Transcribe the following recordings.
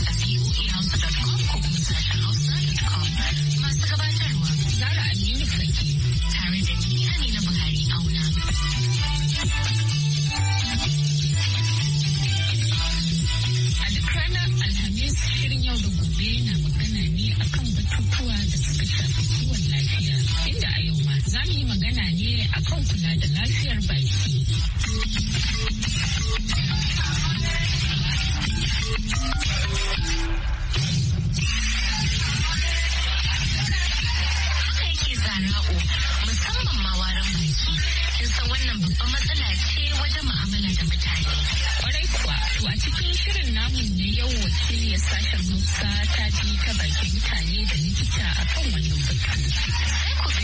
a few years ago.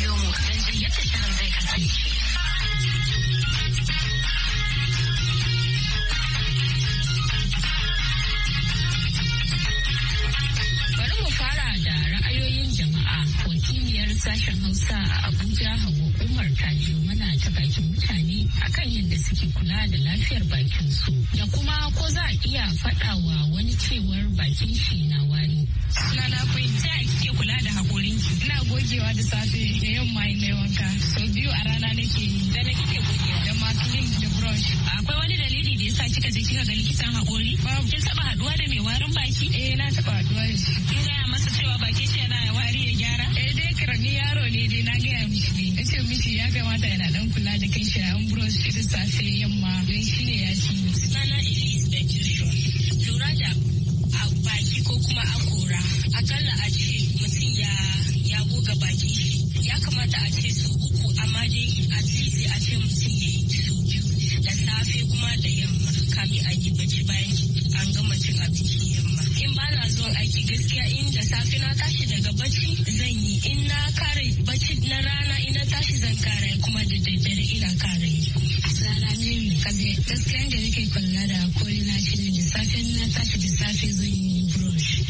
biyo zai kasance. Bari mu fara da ra'ayoyin jama'a wakiliyar sashen Hausa a Abuja Hawa Umar ta jiyo mana ta bakin mutane akan yadda suke kula da lafiyar bakin su da kuma ko za a iya faɗawa cewar bakin shi na wari. Sunana kwai ta kike kula da ki. Ina gogewa da safe da yamma ina wanka. So biyu a rana nake yi. Da na kike gogewa da yin da brush. Akwai wani dalili da sa kika je kika ga likitan hakori? Babu. Kin taɓa haduwa da mai warin baki? Eh na taba haduwa da shi. Kin gaya masa cewa bakin shi yana wari ya gyara? Eh dai karami yaro ne dai na gaya mishi ne. Na ce mishi ya kamata yana dan kula da kanshi a brush da safe yamma. Don shi ne ya ci. kuma a kora akalla a ce mutum ya ya goga baki ya kamata a ce su uku amma dai a titi a ce mutum ya yi su biyu da safe kuma da yamma kami a yi bacci bayan an gama cin abinci yamma in ba na zuwa aiki gaskiya in da safe na tashi daga bacci zan yi in na kare bacci na rana in na tashi zan kare kuma da daddare ina kare yi rana ne gaskiya da nake kwalla da kori na shi ne da safe na tashi da safe zan yi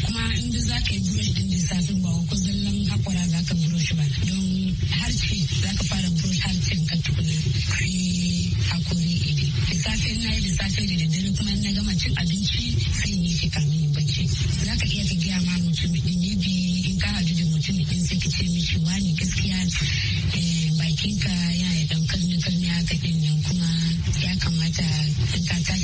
kuma in duk za ka yi brush din lissafin ba ko zallan haƙora za ka brush ba don harce za ka fara brush harcen ka tukuna hakori haƙori ido da na yi da da daddare kuma na gama cin abinci sai ni shi kamin yin bacci za ka iya ka gaya ma mutum din ne bi in ka hadu da mutum din sai ka ce mishi wani gaskiya eh, bakinka yana da ɗan karni karni haka ɗin nan kuma ya kamata in ka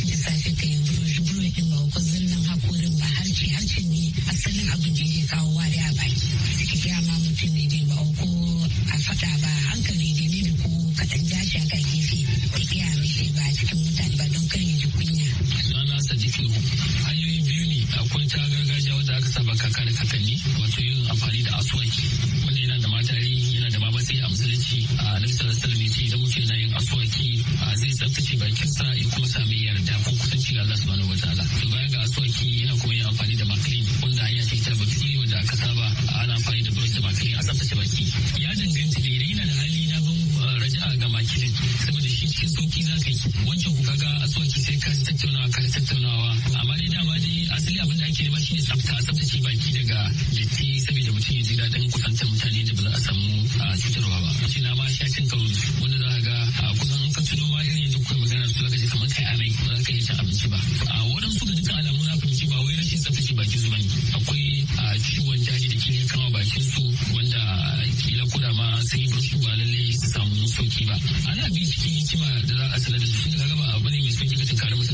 bayanai ba za ka yi cin abinci ba a waɗansu da dukkan alamu na ci ba wai rashin tsaftace bakin su bane akwai a ciwon daji da ke kama bakin su wanda kila kuda ma sun yi burshi ba lallai su samu sauki ba ana bincike hikima da za a sanar da su tun da ba abu ne mai sauki ka tunkari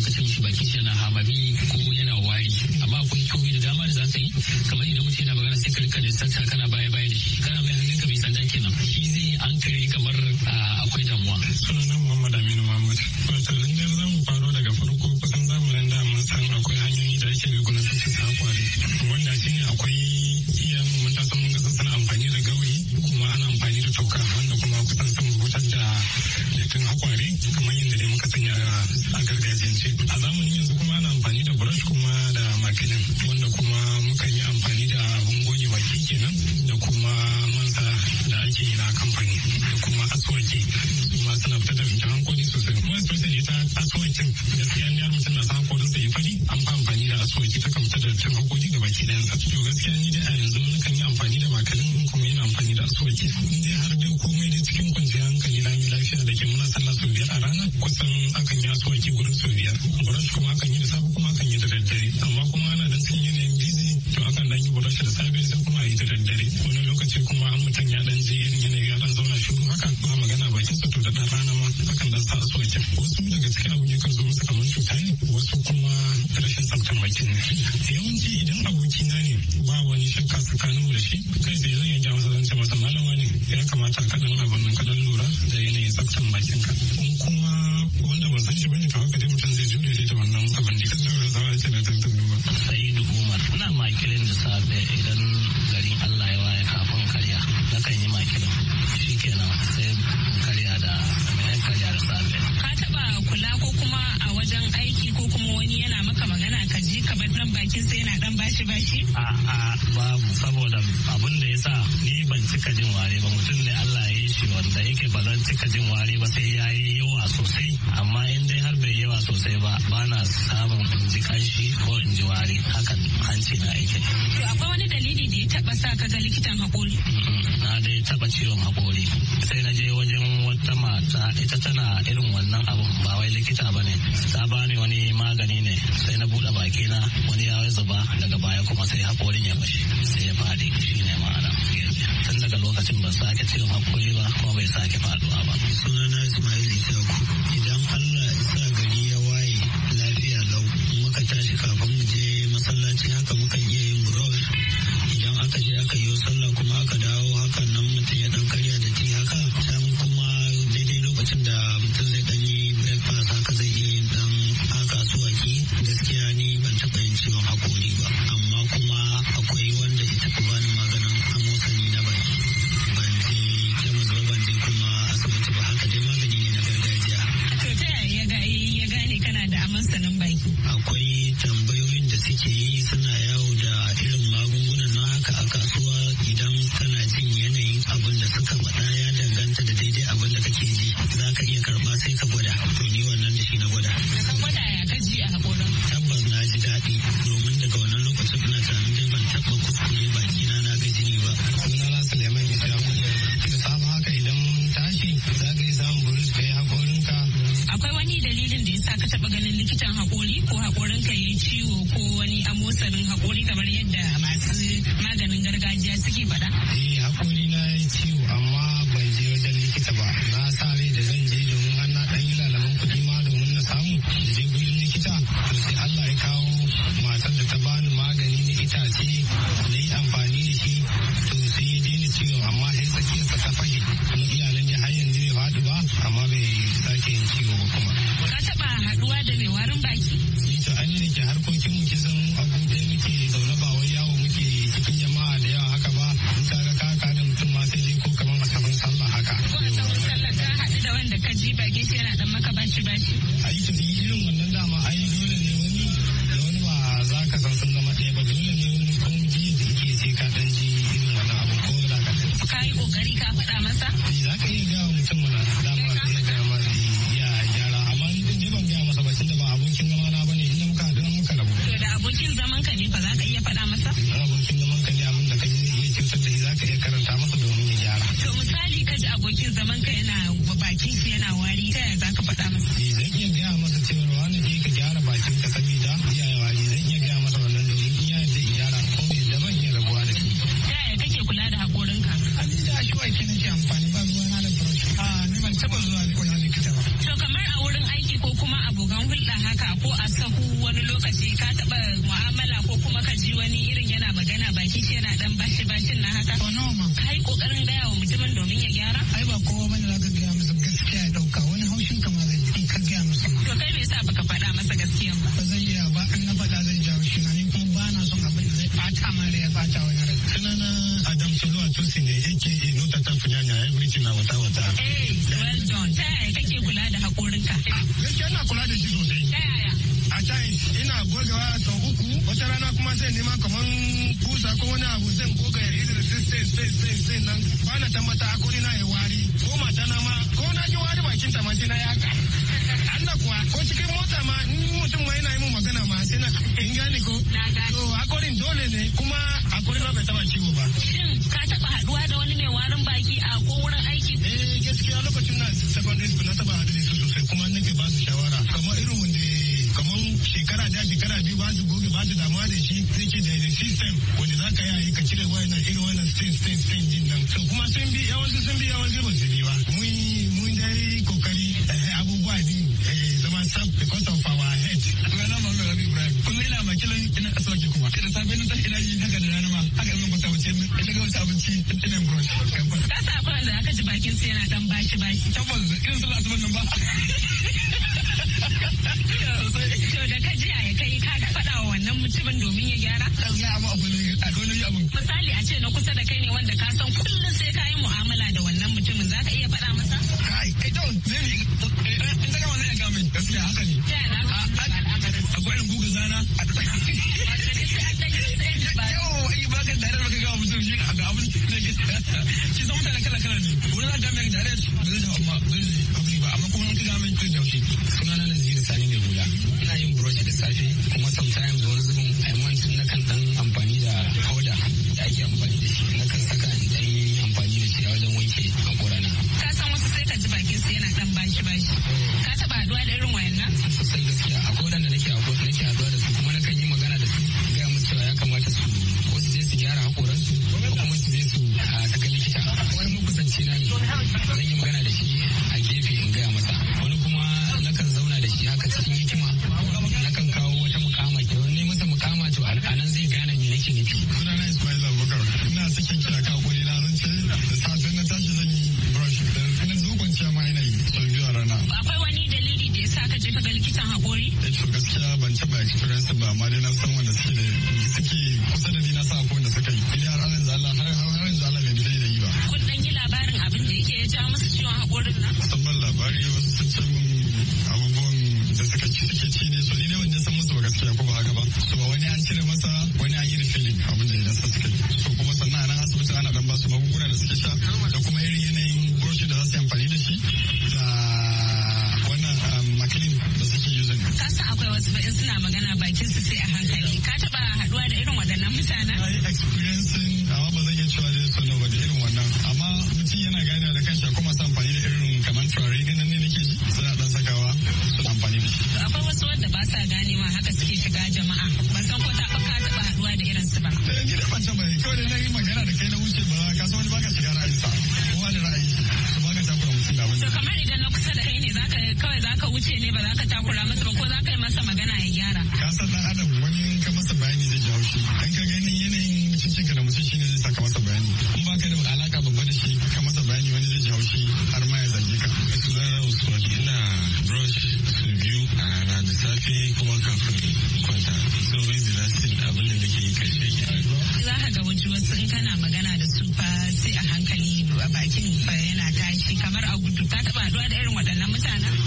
kamfani da kuma asuwaki kuma suna fitar da hankali sosai kuma especially ita asuwakin gaskiya ne yar mutum na san hankalin sa ya fari an fa amfani da asuwaki ta kan fitar da cin hankali gaba ki ɗayan to gaskiya ni da a yanzu na kan yi amfani da makalin kuma yana amfani da asuwaki in dai har dai komai da cikin kwanciyar hankali na lafiya da ke muna kamar dan bakin sai yana dan bashi bashi a babu saboda abun da yasa ni ban cika jin wari ba mutum ne Allah ya yi shi wanda yake ba zan cika jin wari ba sai ya yi yawa sosai amma in dai har bai yawa sosai ba ba na samun in ji kanshi ko in ji wari hakan hanci na aiki to akwai wani dalili da ya taba sa ka ga likitan hakuri na dai taba ciwon hakori sai na je wajen wata mata ita tana irin wannan abun ba wai likita ba ne ta bani wani magani ne sai na buɗe baki na wani ya zuba daga baya kuma sai haƙorin ya fashe sai ya faɗi ne ma'ana tun daga lokacin ba sake ciwon hakori ba kuma bai sake faɗuwa ba sunana Ismail Isaku idan Allah isa gari ya waye lafiya lau muka tashi kafin mu je masallaci haka muka akwai wani dalilin da ya sa ka taba ganin likitan hakori ko hakorin ka yi ciwo ko wani amosanin hakori kamar yadda masu maganin gargajiya suke faɗa? Eh hakori abincin mu na dama ya gaya ma ya gyara amma ni din ban gaya ba tunda ba abokin zama na bane muka haɗu muka rabu. To da abokin zaman ka ne ba za ka iya faɗa masa? tusi ne yake inu ta ta tafi nyanya everything na wata wata. Eh, well done. Ta yaya kake kula da haƙorinka? Ah, gaskiya ina kula da shi sosai. Ta yaya? A time ina gogewa sau uku wata rana kuma zai nema kamar kusa ko wani abu zan goga ya irin sai sai sai sai nan bana na tambata hakori na ya wari ko mata na ma ko na ji wari bakin ta ma sai na yaka. Allah kuwa ko cikin mota ma in mutum ma yana yi mun magana ma sai na in gane ko. Na gane. To hakorin dole ne kuma kurma bai taba ciwo ba. Shin ka taba haduwa da wani mai warin baki a ko wurin aiki? Eh gaskiya lokacin na secondary school na taba da su sosai kuma nake ba su shawara. Kamar irin wanda kamar shekara da shekara biyu ba su goge ba su damuwa da shi zai da system wanda za ka yi ka cire wayannan irin wannan stain stain stain din nan. So kuma sun bi yawanci sun bi yawanci ba su bi ba. Mun mun dai kokari eh, abubuwa din eh, zama sab because of our head. Kuma na mamaye Rabi Ibrahim. Kuma ina makilan ina kasuwa ke kuma. Kada safe ina haka da haka zan kusa wuce in daga wuce abinci ina brush tabbas ka sa ba da aka ji bakin sai yana dan bashi bashi tabbas irin sallah asuban nan ba to da ka ji ya kai ka faɗa wa wannan mutumin domin ya gyara ya a dole suna magana bakin su sai a hankali wasu in kana magana da su fa sai a hankali bakin fa yana tashi kamar a gudu ka taba haɗuwa da irin waɗannan mutanen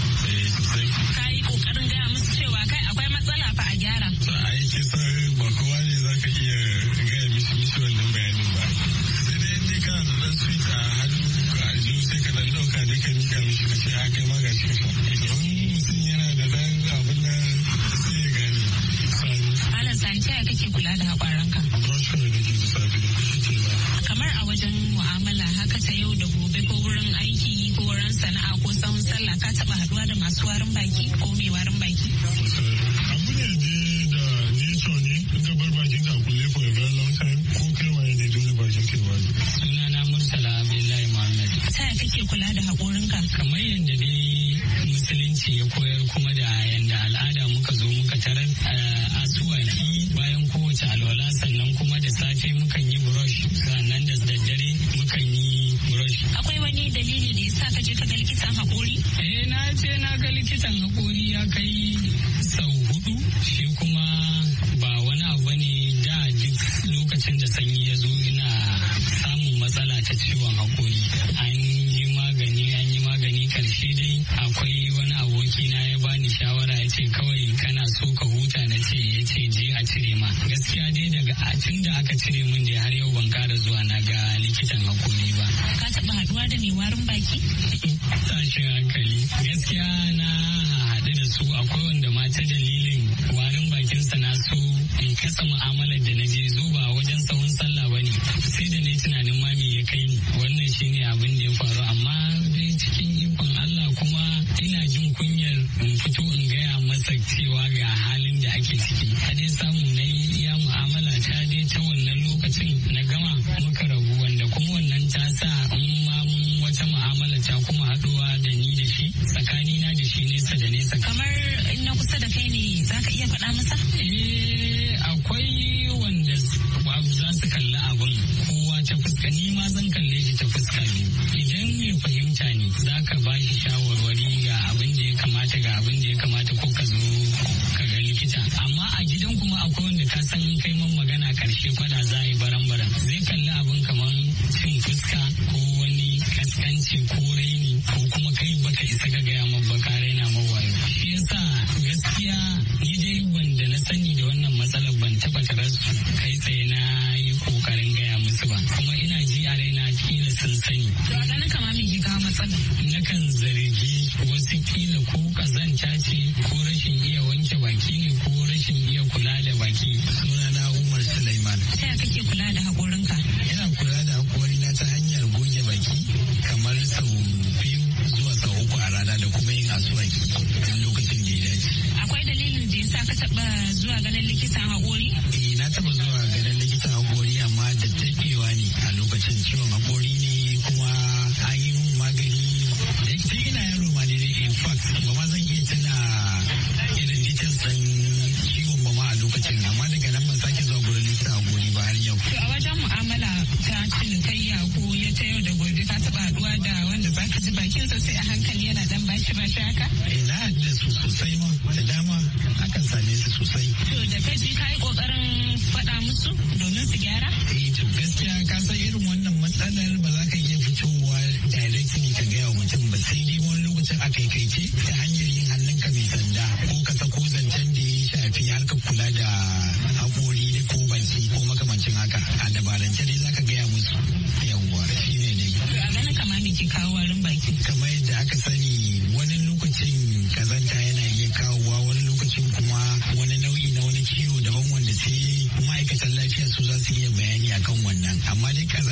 warin baki ko mai warin baki? Abu ne da nature ne in ka bar bakin ka kulle for a very long time ko kai waye ne dole bakin ka Suna na Murtala Abdullahi Muhammad. Ta kake kula da haƙorin ka. Kamar yadda dai musulunci ya koyar kuma da yadda al'ada muka zo muka tarar eh, asuwaki bayan kowace alwala sannan kuma da safe mukan yi brush sannan da daddare mukan yi brush. Akwai wani dalili da ya sa ka je ka ga likitan haƙori? Eh na ce na ga dutsen fito in gaya masa cewa ga halin da ake ciki a dai samu na yi iya mu'amala ta dai ta wannan lokacin na gama muka rabu wanda kuma wannan ta sa in ma mun wata mu'amala ta kuma haɗuwa da ni da shi tsakani na da shi nesa da nesa kamar in na kusa da kai ne za ka iya faɗa masa eh akwai wanda za su kalli abun kowa ta fuska ni ma zan kalle shi ta Na kan zargi wasu kila ko kazanta ce ko rashin iya wanke baki ne ko rashin iya kula da baki na umar sulaiman ta kake kula da haƙorinka ina kula da na ta hanyar goge baki kamar sau biyu zuwa sau uku a rana da kuma yin asuwa a lokacin da ya dace akwai dalilin da yasa ka taɓa zuwa ganin likitan haƙori eh na taɓa zuwa ganin likitan haƙori amma da taɓewa ne a lokacin ciwon haƙori abincin sosai a hankali yana dan bashi shi haka? Ina da su sosai ma da dama akan same su sosai. To da kai ji ka yi kokarin faɗa musu domin su gyara? Eh to gaskiya ka san irin wannan matsalar ba za ka iya fitowa directly ka gaya wa mutum ba sai dai wani lokacin a kaikaice ta hanyar amma dai kan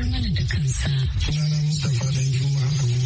gabatar mana da kansa. Sunana Mustapha Dan Juma